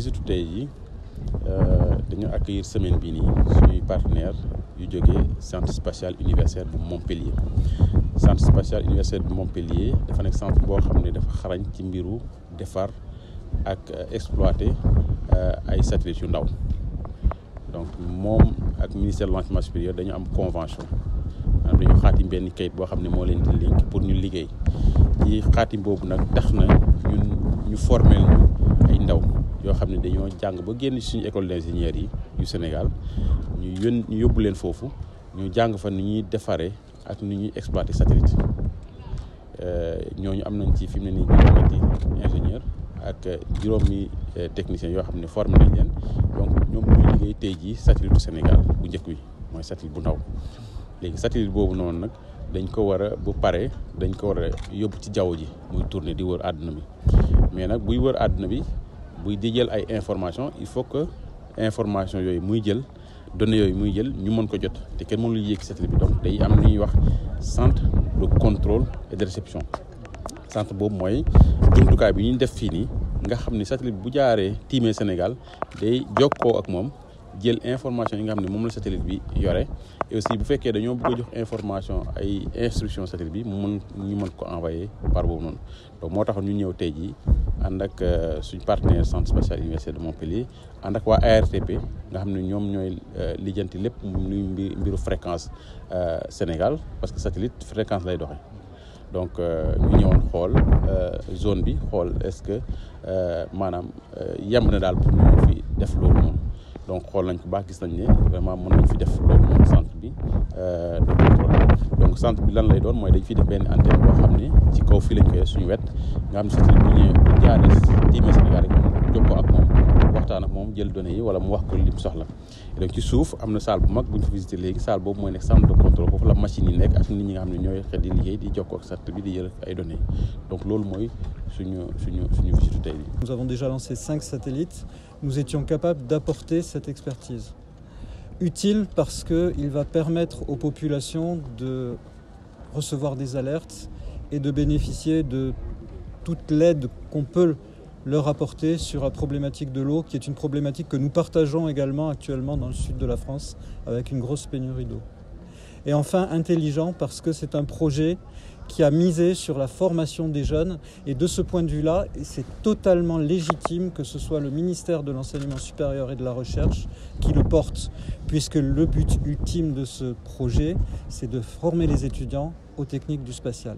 Toute tey yi euh, dañu accueillir semaine bii suis partenaire yu jógee centre spatial Universel bu Montpellier centre spatial Universel bu Montpellier dafa nekk centre pour xam ne dafa xarañ ci mbiru defar ak euh, exploiter euh, ay satellites yu ndaw donc mon ak ministère de l'enseignement supérieur dañu am convention maanaam dañu xaatim benn kayit boo xam ne moo di link pour ñu liguer, ci xaatim boobu nag tax na ñun ñu former. xam ne dañoo jàng ba génn suñu école d'ingénieurs yi yu Sénégal ñu yën ñu yóbbu leen foofu ñu jàng fa ni ñuy defaree ak ni ñuy exploiter satellite euh, ñooñu am nañ ci fi ne nii juróom ingénieur ak juróomi euh, technicien yoo xam ne formé nañ leen donc ñoom ñuy liggéey tey jii satellite du Sénégal bu njëkk bi mooy satellite bu ndaw léegi satellite boobu noonu nag dañ ko war a bu pare dañ ko war a yóbbu ci jaww ji muy tourner di wër àdduna bi mais nag buy wër àdduna bi buy di jël ay information il faut que information yooyu muy jël données yooyu muy jël ñu mën ko jot te kenn mënul yéeg satellite bi donc day am lu ñuy wax centre de contrôle et de réception centre boobu mooy jumtukaay bi ñu def fii nii nga xam ni satellite bu jaaree tiimee Sénégal day jokkoo ak moom jël information yi nga xam ne moom la satellite bi yore et aussi bu fekkee dañoo bëgg a jox information ay instruction satellite bi mu mën ñu mën ko envoyer par boobu noonu donc moo taxoon ñu ñëw tey jii ànd ak euh, suñ partenaire centre spatial université de Montpellier ànd ak waa ARTP nga xam ne ñoom ñooy euh, lijjanti lépp muy mbiru fréquence euh, Sénégal parce que satellite fréquence lay doxe donc ñu ñëwoon xool zone bi xool est-ce que maanaam yemb na daal pour ñu fi def loolu moom donc xool nañ ko baax gis nañ ne vraiment mën nañ fi def loolu moom centre bi donc centre bi lan lay doon mooy dañ fi def benn antenne boo xam ne ci kaw fi lañ koy suñu wet nga xam ne satellite bu ñëwee bu jaaree tiimee Sénégal rek mu jokkoo ak moom waxtaan ak moom jël données yi wala mu wax ko lim soxla donc ci suuf am na salle bu mag bu ñu fa visité léegi salle boobu mooy nekk centre de contrôle foofu la machine yi nekk ak nit ñi nga xam ne ñooy xel di liggéey di jokkoo ak satellite bi di jël ay données donc loolu mooy suñu suñu suñu visite tey bi. Nous avons déjà lancé 5 satellites nous étions capables d'apporter cette expertise utile parce qu'il va permettre aux populations de recevoir des alertes et de bénéficier de toute l'aide qu'on peut leur apporter sur la problématique de l'eau, qui est une problématique que nous partageons également actuellement dans le sud de la France avec une grosse pénurie d'eau. Et enfin, intelligent parce que c'est un projet qui a misé sur la formation des jeunes. Et de ce point de vue-là, c'est totalement légitime que ce soit le ministère de l'Enseignement supérieur et de la Recherche qui le porte, puisque le but ultime de ce projet, c'est de former les étudiants aux techniques du spatial.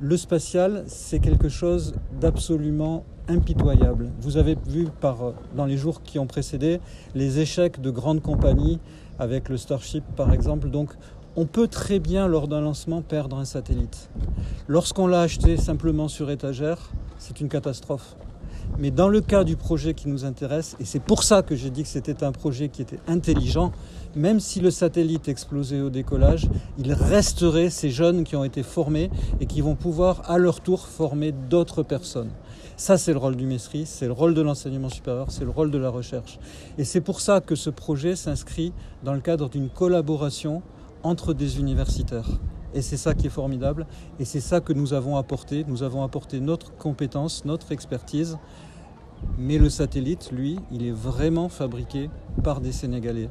Le spatial, c'est quelque chose d'absolument impitoyable. Vous avez vu par, dans les jours qui ont précédé les échecs de grandes compagnies avec le Starship par exemple. Donc on peut très bien lors d'un lancement perdre un satellite. Lorsqu'on l'a acheté simplement sur étagère, c'est une catastrophe. Mais dans le cas du projet qui nous intéresse, et c'est pour ça que j'ai dit que c'était un projet qui était intelligent, même si le satellite explosait au décollage, il resterait ces jeunes qui ont été formés et qui vont pouvoir à leur tour former d'autres personnes. Ça, c'est le rôle du maîtrise, c'est le rôle de l'enseignement supérieur, c'est le rôle de la recherche. Et c'est pour ça que ce projet s'inscrit dans le cadre d'une collaboration entre des universitaires. Et c'est ça qui est formidable. Et c'est ça que nous avons apporté. Nous avons apporté notre compétence, notre expertise. Mais le satellite, lui, il est vraiment fabriqué par des Sénégalais.